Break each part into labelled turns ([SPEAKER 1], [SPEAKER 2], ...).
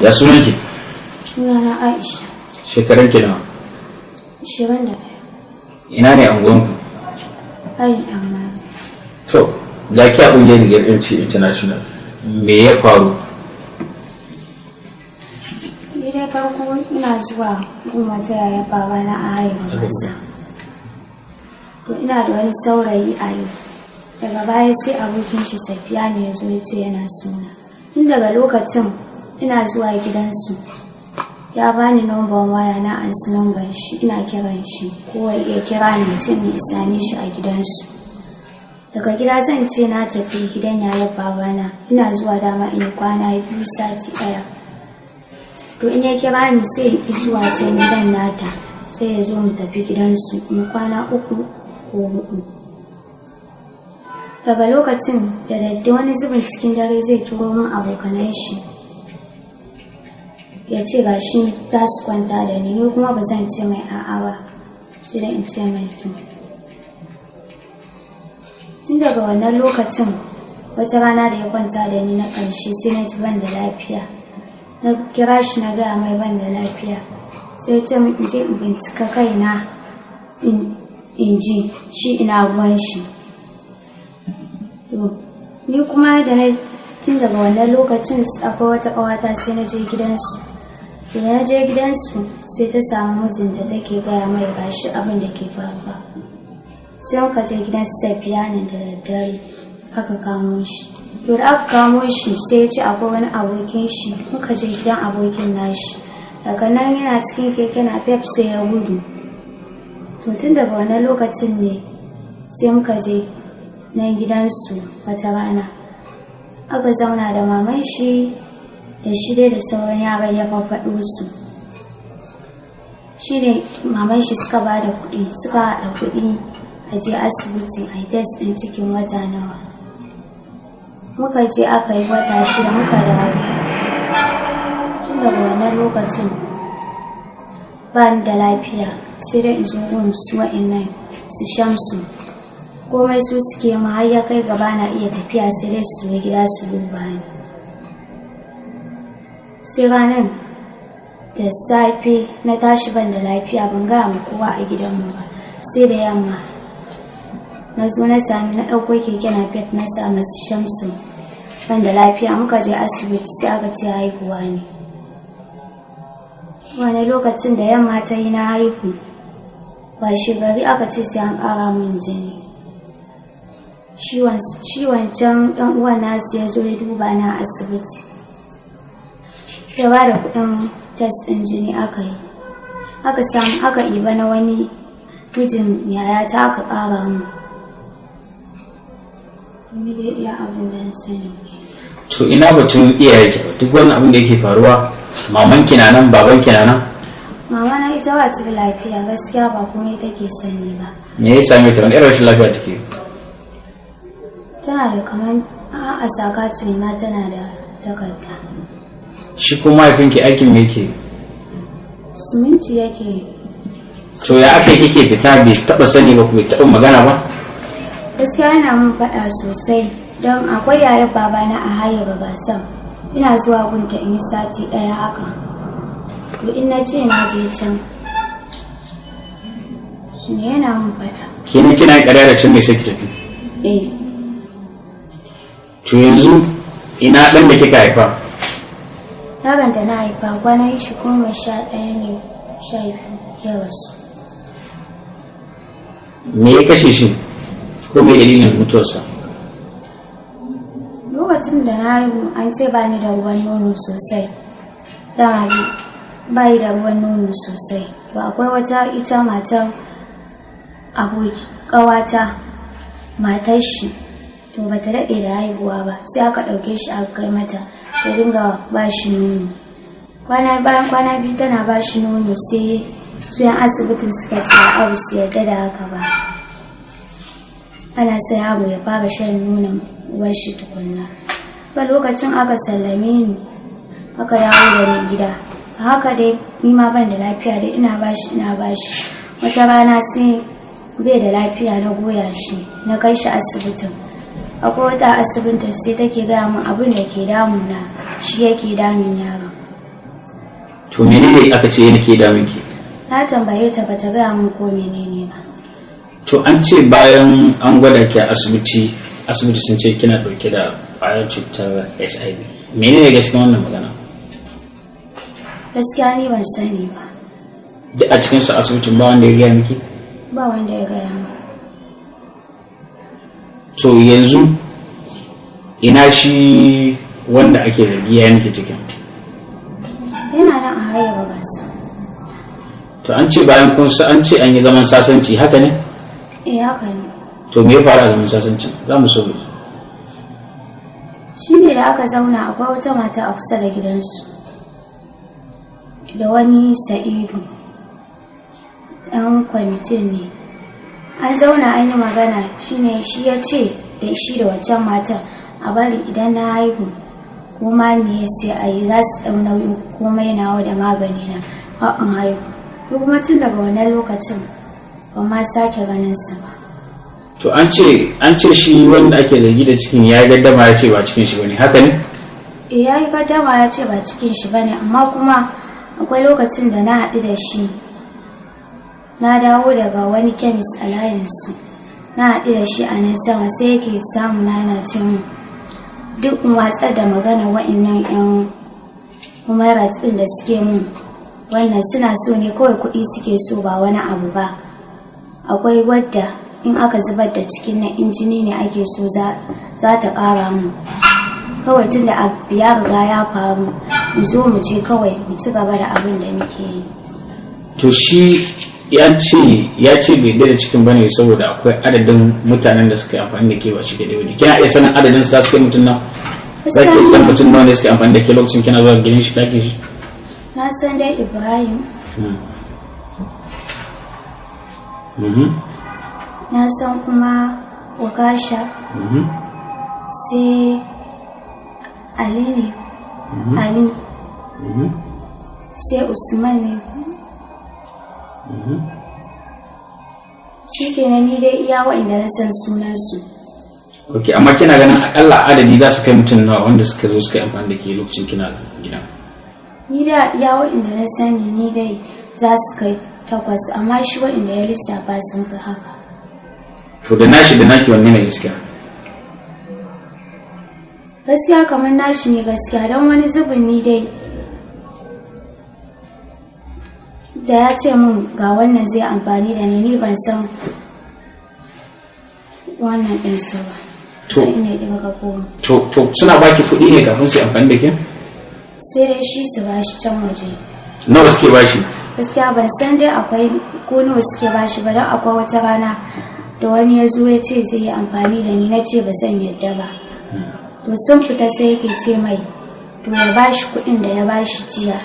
[SPEAKER 1] ya sunan ki
[SPEAKER 2] sunana aisha
[SPEAKER 1] shekarun ki nawa
[SPEAKER 2] ishirin da ina ne ku ai amma
[SPEAKER 1] to ga ki a ƙungiyar yarbanci international me ya faru
[SPEAKER 2] ni dai farko ina zuwa kuma ta yaya baba na a arewa masa to ina da wani saurayi a yi. daga baya sai abokin shi safiya ne ya zo ya ce yana suna tun daga lokacin ina zuwa gidansu ya bani numban waya na ansu numban shi ina kiran shi kowa ya kira ni mutum ne same shi a gidansu daga gida zan ce na tafi gidan yaya babana ina zuwa dama in kwana biyu sati daya to in ya kira ni sai zuwa can gidan nata sai ya zo mu tafi gidansu in kwana uku ko hudu daga lokacin da daddi wani zubin cikin dare zai turo min abokanan shi ya ce ga shi ta su kwanta da ni ni kuma ba zan ce mai a'a ba sai da in ce mai to tun daga wannan lokacin wata rana da ya kwanta da ni na ƙarshe sai na ji ban da lafiya na kira shi na gaya mai ban da lafiya sai ta in je in bincika kaina in ji shi ina ruwan shi ni kuma da na tun daga wannan lokacin akwai wata ƙawata sai na je gidansu da ya je gidansu sai ta samu mijinta take gaya mai gashi abin da ke faruwa sai muka je gidan safiya ne da daddare aka kamo shi to da aka kamo shi sai ya ci akwai wani abokin shi muka je gidan abokin nashi daga nan yana cikin keke na pep sai ya gudu to tun daga wani lokacin ne sai muka je nan gidansu wata rana aka zauna da maman shi da shirya da sauran yaran ya farfaɗo su shi ne maman shi suka ba da kuɗi suka haɗa kuɗi a je asibiti a test ɗin cikin wata nawa muka je aka yi wata shida muka dawo tun daga wannan lokacin ba ni da lafiya sai dai in zo gun su nan su shamsu komai su suke ma har ya kai gaba na iya tafiya sai dai su zo gida su duba ni sai da safe na tashi ban da lafiya ban gaya ma kowa a gidanmu ba sai da yamma na zo na sami na ɗauko keke na fet na sami shamsu ban da lafiya muka je asibiti sai aka ce haihuwa ne wani lokacin da yamma ta yi na haihu ba shi gari aka ce sai an ƙara min jini ciwon can ɗan uwan nasu ya zo ya duba na asibiti ya ba da kuɗin test ɗin jini aka yi aka samu aka iba na wani mijin yaya ta aka ƙara mu ya abin da ya sani
[SPEAKER 1] to ina batun iyaye ki duk wani abin da yake faruwa maman ki na nan baban ki na nan
[SPEAKER 2] mama na ita ba ta lafiya gaskiya ba kuma ita ke sani ba
[SPEAKER 1] me ya same ta wani irin rashin lafiya take
[SPEAKER 2] tana da kaman a saka tana da takarda
[SPEAKER 1] shi kuma mahaifinki aikin me yake ya yake to ya aka kike fita bai taba sani ba bai taba magana ba
[SPEAKER 2] gaskiya yana mun faɗa sosai don akwai yaya babana a haye ba sam ina zuwa gunta in yi sati ɗaya haka to in na ce na je can shi ne yana mun faɗa Kina kina ƙarya da can mai sai ki tafi eh to yanzu ina ɗan da
[SPEAKER 1] kika haifa
[SPEAKER 2] yaron da na haifa kwanan shi goma sha ɗaya ne sha biyu ya rasu
[SPEAKER 1] me ya kashe shi ko me dalilin mutuwarsa
[SPEAKER 2] lokacin da na yi an ce ba ni da ruwan nono sosai dama ba yi da ruwan nono sosai ba akwai wata ita matar aboki kawata matar shi to bata daɗe da haihuwa ba sai aka ɗauke shi aka kai mata ya dinga ba shi nono kwana bayan kwana biyu tana ba shi nono sai su yan asibitin suka ce abu su yarda da haka ba ana sai abu ya fara shan nonon uwar shi tukunna ga lokacin aka sallame ni aka dawo da gida a haka dai ni ma ban da lafiya dai ina shi ina bashi wata rana sai bai da lafiya na goya shi na kai shi asibitin akwai wata asibinta sai take gaya min abin da ke damuna shi yake damun yaron
[SPEAKER 1] to menene aka ce ke damun ki
[SPEAKER 2] na tambaye ta bata gaya min ko menene ba
[SPEAKER 1] to an ce bayan an gwada ki a asibiti asibiti sun ce kina dauke da ƙwayar cutar hiv menene gaskiya wannan magana
[SPEAKER 2] gaskiya ni ban sani ba
[SPEAKER 1] a cikin su asibitin ba wanda ya gaya miki
[SPEAKER 2] ba wanda ya gaya min
[SPEAKER 1] so yanzu ina shi wanda ake zargi ya yanke cikin
[SPEAKER 2] yana nan a haya babansa
[SPEAKER 1] to an ce bayan kun an ce an yi zaman sasanci haka ne
[SPEAKER 2] eh haka ne
[SPEAKER 1] to me ya faru a zaman sasanci za mu so
[SPEAKER 2] shi ne da aka zauna akwai wata mata a kusa da gidansu da wani sa'idu ɗan kwamitin ne an zauna an yi magana shine shi ya ce da shi da waccan mata a bari idan na haihu kuma me sai a yi za su ɗau nauyin komai na da magani na haɓin haihu duk kuma tun daga wannan lokacin ba ma sake ganin su ba
[SPEAKER 1] to an ce an ce shi wanda ake zargi da cikin ya yi gaddama ya ce ba cikin shi bane haka ne
[SPEAKER 2] eh, ya yi gaddama ya ce ba cikin shi bane amma kuma akwai lokacin da na haɗu da shi na dawo daga wani kemis a layinsu na haɗu da shi a nan sama sai yake samu na yana ce duk watsa da magana wa'annan 'yan umarat ɗin da suke mun wannan suna so ne kawai kuɗi suke so ba wani abu ba akwai wadda in aka zubar da cikin na injini ne ake so za ta ƙara mu kawai tun da ya riga ya faru mu zo mu je kawai mu ci gaba da abin da muke yi
[SPEAKER 1] to shi ya ce ya ce bai da cikin bane saboda akwai adadin mutanen da suka amfani da ke shi daidai wani kina iya sanin adadin su suka yi mutum nan
[SPEAKER 2] za ki san mutum nan
[SPEAKER 1] da suka amfani da ke lokacin kina zuwa gidan shi ɗakin shi
[SPEAKER 2] na san dai ibrahim
[SPEAKER 1] hmm. mm-hmm.
[SPEAKER 2] na san kuma wakasha mm-hmm. sai ali ne mm-hmm. ali sai usman ne shi kenan ni dai iya waɗanda na san sunansu
[SPEAKER 1] ok amma kina ganin akalla adadi za su kai mutum nawa wanda suka zo suka yi amfani da ke lokacin kina gida
[SPEAKER 2] ni da iya waɗanda na sani ni dai za su kai takwas amma shi waɗanda ya lissafa sun fi haka
[SPEAKER 1] to da nashi da naki wanne ne gaskiya
[SPEAKER 2] gaskiya kamar nashi ne gaskiya don wani zubin ni dai da ya ce min ga wannan zai amfani da ni ni ban san wannan ɗin su ba to ina ɗin ga
[SPEAKER 1] to to suna baki kuɗi ne kafin su amfani da ke
[SPEAKER 2] sai dai shi su ba shi can waje
[SPEAKER 1] nawa suke ba shi
[SPEAKER 2] gaskiya ban san dai akwai ko nawa suke ba shi ba don akwai wata rana da wani ya zo ya ce zai yi amfani da ni na ce ba zan yadda ba hmm. to sun fita sai yake ce mai to ya ba shi kuɗin da ya ba shi jiya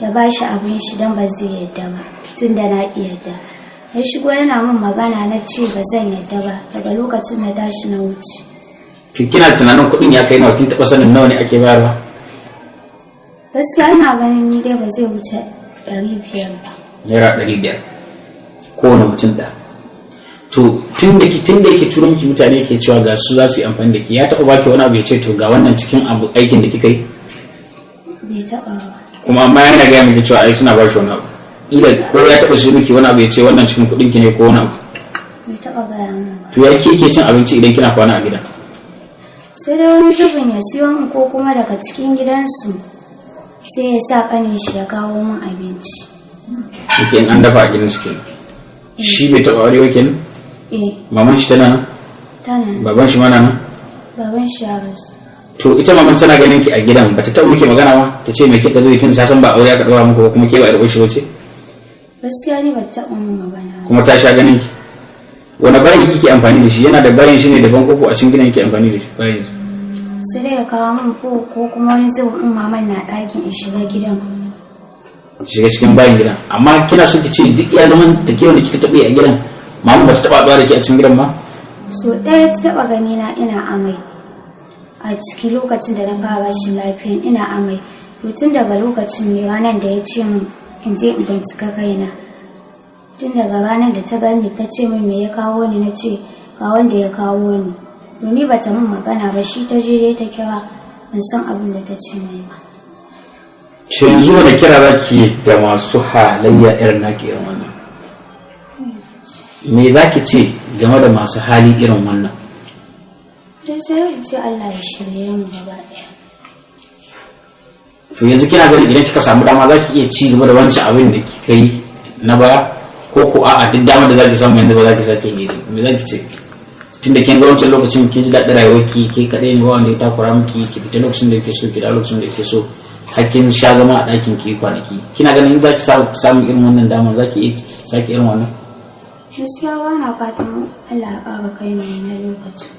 [SPEAKER 2] ya ba shi abin shi don ba zai yadda ba tun da na iya yadda ya shigo yana min magana na ce ba zan yadda ba daga lokacin da tashi na wuce
[SPEAKER 1] kina tunanin kuɗin ya kai nawa kin taɓa sanin nawa ne ake bayarwa
[SPEAKER 2] gaskiya ina ganin ni dai ba zai wuce ɗari biyar ba
[SPEAKER 1] naira ɗari biyar kowane mutum da to tun da ki tun da yake turo miki mutane ke cewa ga su za su yi amfani da ki ya taɓa baki wani abu ya ce to ga wannan cikin abu aikin da kika yi
[SPEAKER 2] bai taɓa ba
[SPEAKER 1] kuma amma yana gaya miki cewa ai suna ba shi wani abu ila ko ya taba shi miki wani abu ya ce wannan cikin kuɗin ki ne ko wani abu
[SPEAKER 2] bai taba gaya min
[SPEAKER 1] to ya ke ke cin abinci idan kina kwana a gida
[SPEAKER 2] sai da wani zubin ya siyo mu ko kuma daga cikin gidansu sai ya sa kane shi ya kawo min abinci
[SPEAKER 1] yake an dafa a gidansu suke. Eh. shi bai taba aure ne? Eh. maman shi tana nan
[SPEAKER 2] tana baban shi mana nan baban shi ya rasu
[SPEAKER 1] to ita ma tana ganin ki a gidan ba ta taɓa muke magana ba ta ce me ka zo yi tun san ba aure aka ɗora muku ba kuma ke ba da shi wace
[SPEAKER 2] gaskiya ne bata taɓa mun magana
[SPEAKER 1] kuma ta sha ganin ki wani bayan kike amfani da shi yana da bayan shi ne daban koko a cikin gidan ki amfani da shi bayan
[SPEAKER 2] sai dai ya kawo min ko ko kuma wani zai in maman na ɗakin in shiga gidan
[SPEAKER 1] shiga cikin bayan gidan amma kina so ki ce duk ya zaman ta ke da kika taɓa a gidan mamu ba ta taɓa ɗuwa da ke a cikin gidan ba
[SPEAKER 2] so ɗaya ta taɓa gani na ina amai a ciki lokacin da na fara shi lafiya ina amai mutum tun daga lokacin ne ranar da ya ce min in je in bincika kaina tun daga ranar da ta gani ta ce min me ya kawo ni na ce ga wanda ya kawo ni domin ba ta min magana ba shi ta je dai ta kira ban san abin da ta ce mai
[SPEAKER 1] ba ke yanzu wani kira za ki da masu halayya irin naki irin wannan me za ki ce game da masu hali irin wannan
[SPEAKER 2] don sai Allah ya shirye mu gaba ɗaya
[SPEAKER 1] to yanzu kina ganin idan kika samu dama za ki iya ci gaba da wancan abin da kika yi na baya ko ko a'a duk damar da za ki samu yanzu ba za ki sake yi me za ki ce tunda kin ga wancan lokacin kin ji daɗin rayuwar ki ke kaɗai ne wanda ya takura miki ki fita lokacin da kike so ki da lokacin da kike so hakkin sha zama a ɗakin ki kwanaki kina ganin in za ki samu irin wannan damar za ki iya sake irin wannan
[SPEAKER 2] gaskiya ba na fatan Allah ya ƙara kai mai lokacin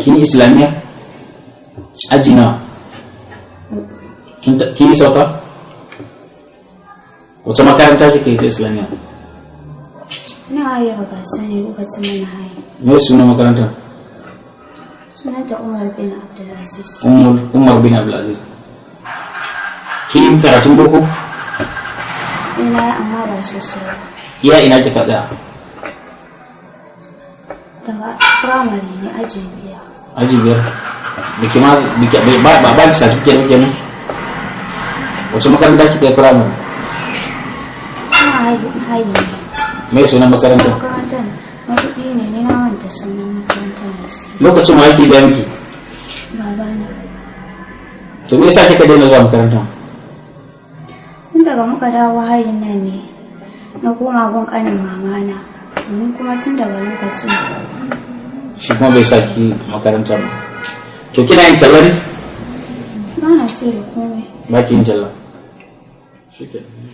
[SPEAKER 1] kin yi islamiyya aji nawa kin sauka wace makaranta kika yi ta islamiyya
[SPEAKER 2] na haya ba gasa ne lokacin mana haya
[SPEAKER 1] me suna makaranta
[SPEAKER 2] sunanta umar bin abdulaziz
[SPEAKER 1] umar bin abdulaziz kin yi karatun boko
[SPEAKER 2] ina amma ba sosai ba
[SPEAKER 1] iya ina kika tsaya
[SPEAKER 2] daga firamare ne ajin biya
[SPEAKER 1] aji biyar ke ma ba ba ki certificate kike nan wace makaranta kika yi primary mai sunan makarantar
[SPEAKER 2] makarantar na kuɗi ne ne na sunan makarantar
[SPEAKER 1] lokacin ma yake biya miki babana to me yasa kika daina zuwa makaranta
[SPEAKER 2] tun daga muka dawo hayin nan ne na koma gun kanin mamana domin kuma tun daga lokacin
[SPEAKER 1] shi kuma bai saki makarantar to kina yin talla ne?
[SPEAKER 2] ba na so da komai
[SPEAKER 1] ba ki yin talla